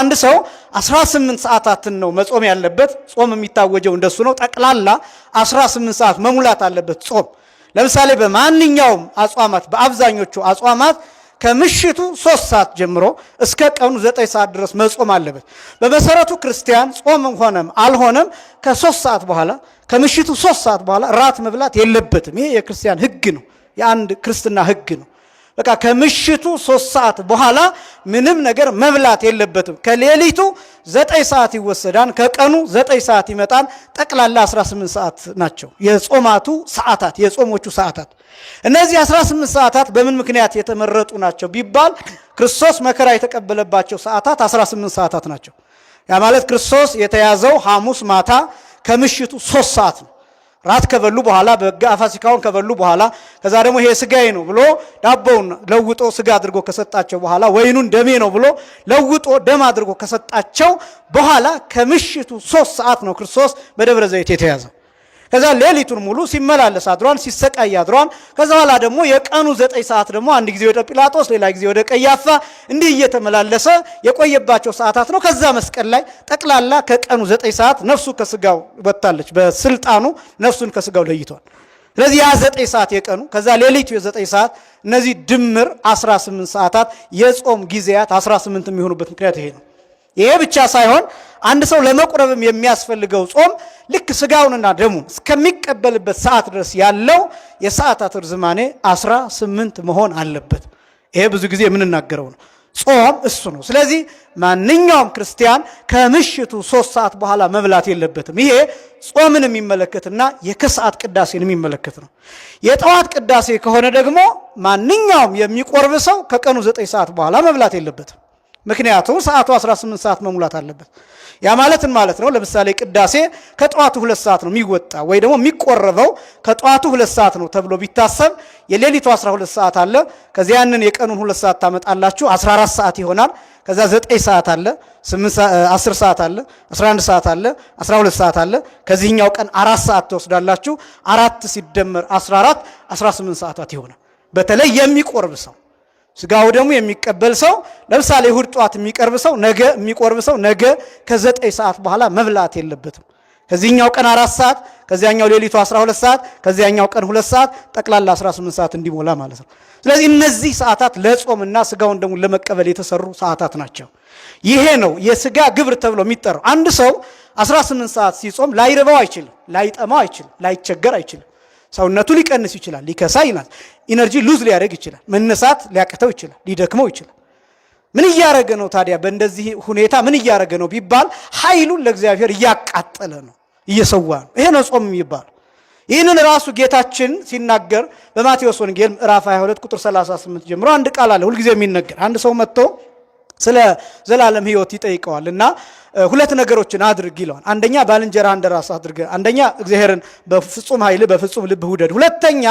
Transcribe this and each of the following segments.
አንድ ሰው 18 ሰዓታትን ነው መጾም ያለበት። ጾም የሚታወጀው እንደሱ ነው። ጠቅላላ 18 ሰዓት መሙላት አለበት ጾም። ለምሳሌ በማንኛውም አጽዋማት፣ በአብዛኞቹ አጽዋማት ከምሽቱ ሶስት ሰዓት ጀምሮ እስከ ቀኑ ዘጠኝ ሰዓት ድረስ መጾም አለበት። በመሰረቱ ክርስቲያን ጾም ሆነም አልሆነም ከሶስት ሰዓት በኋላ ከምሽቱ ሶስት ሰዓት በኋላ ራት መብላት የለበትም። ይሄ የክርስቲያን ህግ ነው፣ የአንድ ክርስትና ህግ ነው። በቃ ከምሽቱ ሶስት ሰዓት በኋላ ምንም ነገር መብላት የለበትም። ከሌሊቱ ዘጠኝ ሰዓት ይወሰዳል። ከቀኑ ዘጠኝ ሰዓት ይመጣል። ጠቅላላ 18 ሰዓት ናቸው የጾማቱ ሰዓታት የጾሞቹ ሰዓታት። እነዚህ 18 ሰዓታት በምን ምክንያት የተመረጡ ናቸው ቢባል ክርስቶስ መከራ የተቀበለባቸው ሰዓታት 18 ሰዓታት ናቸው። ያ ማለት ክርስቶስ የተያዘው ሐሙስ ማታ ከምሽቱ ሶስት ሰዓት ነው። ራት ከበሉ በኋላ በጋ ፋሲካውን ከበሉ በኋላ ከዛ ደግሞ ይሄ ስጋዬ ነው ብሎ ዳቦውን ለውጦ ስጋ አድርጎ ከሰጣቸው በኋላ ወይኑን ደሜ ነው ብሎ ለውጦ ደም አድርጎ ከሰጣቸው በኋላ ከምሽቱ ሶስት ሰዓት ነው ክርስቶስ በደብረ ዘይት የተያዘው። ከዛ ሌሊቱን ሙሉ ሲመላለስ አድሯን ሲሰቃይ አድሯን። ከዛ በኋላ ደግሞ የቀኑ ዘጠኝ ሰዓት ደግሞ አንድ ጊዜ ወደ ጲላጦስ፣ ሌላ ጊዜ ወደ ቀያፋ እንዲህ እየተመላለሰ የቆየባቸው ሰዓታት ነው። ከዛ መስቀል ላይ ጠቅላላ ከቀኑ ዘጠኝ ሰዓት ነፍሱ ከስጋው ወጥታለች። በስልጣኑ ነፍሱን ከስጋው ለይቷል። ስለዚህ ያ ዘጠኝ ሰዓት የቀኑ ከዛ ሌሊቱ የዘጠኝ ሰዓት እነዚህ ድምር 18 ሰዓታት የጾም ጊዜያት 18 የሚሆኑበት ምክንያት ይሄ ነው። ይሄ ብቻ ሳይሆን አንድ ሰው ለመቁረብም የሚያስፈልገው ጾም ልክ ስጋውንና ደሙን እስከሚቀበልበት ሰዓት ድረስ ያለው የሰዓታት ርዝማኔ አስራ ስምንት መሆን አለበት። ይሄ ብዙ ጊዜ የምንናገረው ነው። ጾም እሱ ነው። ስለዚህ ማንኛውም ክርስቲያን ከምሽቱ ሶስት ሰዓት በኋላ መብላት የለበትም። ይሄ ጾምን የሚመለከትና የከሰዓት ቅዳሴን የሚመለከት ነው። የጠዋት ቅዳሴ ከሆነ ደግሞ ማንኛውም የሚቆርብ ሰው ከቀኑ ዘጠኝ ሰዓት በኋላ መብላት የለበትም። ምክንያቱም ሰዓቱ 18 ሰዓት መሙላት አለበት። ያ ማለትን ማለት ነው። ለምሳሌ ቅዳሴ ከጠዋቱ ሁለት ሰዓት ነው የሚወጣ ወይ ደግሞ የሚቆረበው ከጠዋቱ ሁለት ሰዓት ነው ተብሎ ቢታሰብ የሌሊቱ 12 ሰዓት አለ። ከዚያ ያንን የቀኑን ሁለት ሰዓት ታመጣላችሁ 14 ሰዓት ይሆናል። ከዛ 9 ሰዓት አለ፣ 10 ሰዓት አለ፣ 11 ሰዓት አለ፣ 12 ሰዓት አለ። ከዚህኛው ቀን አራት ሰዓት ትወስዳላችሁ። አራት ሲደመር 14 18 ሰዓታት ይሆናል። በተለይ የሚቆርብ ሰው ስጋው ደግሞ የሚቀበል ሰው ለምሳሌ እሁድ ጧት የሚቀርብ ሰው ነገ የሚቆርብ ሰው ነገ ከዘጠኝ ሰዓት በኋላ መብላት የለበትም። ከዚህኛው ቀን አራት ሰዓት ከዚያኛው ሌሊቱ 12 ሰዓት ከዚያኛው ቀን ሁለት ሰዓት ጠቅላላ 18 ሰዓት እንዲሞላ ማለት ነው። ስለዚህ እነዚህ ሰዓታት ለጾምና ስጋውን ደግሞ ለመቀበል የተሰሩ ሰዓታት ናቸው። ይሄ ነው የስጋ ግብር ተብሎ የሚጠራው። አንድ ሰው 18 ሰዓት ሲጾም ላይርበው አይችልም፣ ላይጠማው አይችልም፣ ላይቸገር አይችልም። ሰውነቱ ሊቀንስ ይችላል፣ ሊከሳ ይናል፣ ኢነርጂ ሉዝ ሊያደርግ ይችላል፣ መነሳት ሊያቅተው ይችላል፣ ሊደክመው ይችላል። ምን እያደረገ ነው ታዲያ? በእንደዚህ ሁኔታ ምን እያደረገ ነው ቢባል ኃይሉን ለእግዚአብሔር እያቃጠለ ነው፣ እየሰዋ ነው። ይሄ ነው ጾም የሚባለው። ይህንን ራሱ ጌታችን ሲናገር በማቴዎስ ወንጌል ምዕራፍ 22 ቁጥር 38 ጀምሮ አንድ ቃል አለ ሁልጊዜ የሚነገር አንድ ሰው መጥቶ ስለ ዘላለም ህይወት ይጠይቀዋል እና ሁለት ነገሮችን አድርግ ይለዋል። አንደኛ ባልንጀራ እንደራስ አድርገ አንደኛ እግዚአብሔርን በፍጹም ኃይል በፍጹም ልብ ውደድ፣ ሁለተኛ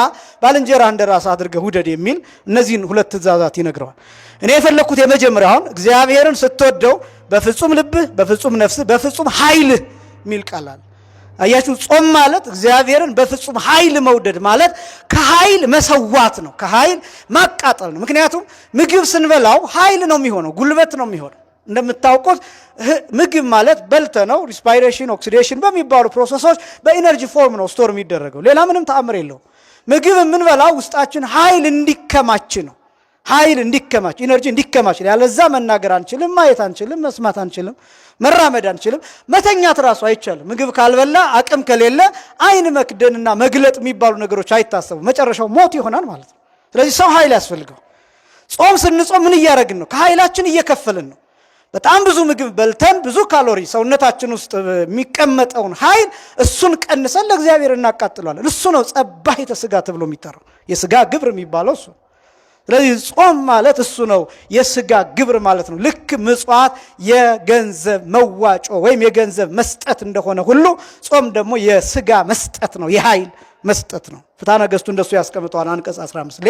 ባልንጀራ እንደራስ አድርገ ውደድ የሚል እነዚህን ሁለት ትእዛዛት ይነግረዋል። እኔ የፈለግኩት የመጀመሪያ አሁን እግዚአብሔርን ስትወደው በፍጹም ልብ፣ በፍጹም ነፍስ፣ በፍጹም ኃይል የሚል ቃል አለ። አያችሁ፣ ጾም ማለት እግዚአብሔርን በፍጹም ኃይል መውደድ ማለት ከኃይል መሰዋት ነው፣ ከኃይል ማቃጠል ነው። ምክንያቱም ምግብ ስንበላው ኃይል ነው የሚሆነው፣ ጉልበት ነው የሚሆነው። እንደምታውቁት ምግብ ማለት በልተ ነው ሪስፓይሬሽን፣ ኦክሲዴሽን በሚባሉ ፕሮሰሶች በኢነርጂ ፎርም ነው ስቶር የሚደረገው። ሌላ ምንም ተአምር የለውም። ምግብ የምንበላው ውስጣችን ኃይል እንዲከማች ነው። ኃይል እንዲከማች ኢነርጂ እንዲከማች ያለዛ መናገር አንችልም፣ ማየት አንችልም፣ መስማት አንችልም፣ መራመድ አንችልም፣ መተኛት ራሱ አይቻልም። ምግብ ካልበላ አቅም ከሌለ አይን መክደንና መግለጥ የሚባሉ ነገሮች አይታሰቡ፣ መጨረሻው ሞት ይሆናል ማለት ነው። ስለዚህ ሰው ኃይል ያስፈልገው። ጾም ስንጾም ምን እያደረግን ነው? ከኃይላችን እየከፈልን ነው። በጣም ብዙ ምግብ በልተን ብዙ ካሎሪ ሰውነታችን ውስጥ የሚቀመጠውን ኃይል እሱን ቀንሰን ለእግዚአብሔር እናቃጥለዋለን። እሱ ነው ጸባሂተ ሥጋ ተብሎ የሚጠራው የስጋ ግብር የሚባለው እሱ ስለዚህ ጾም ማለት እሱ ነው፣ የስጋ ግብር ማለት ነው። ልክ ምጽዋት የገንዘብ መዋጮ ወይም የገንዘብ መስጠት እንደሆነ ሁሉ ጾም ደግሞ የስጋ መስጠት ነው፣ የኃይል መስጠት ነው። ፍትሐ ነገሥቱ እንደሱ ያስቀምጠዋል አንቀጽ 15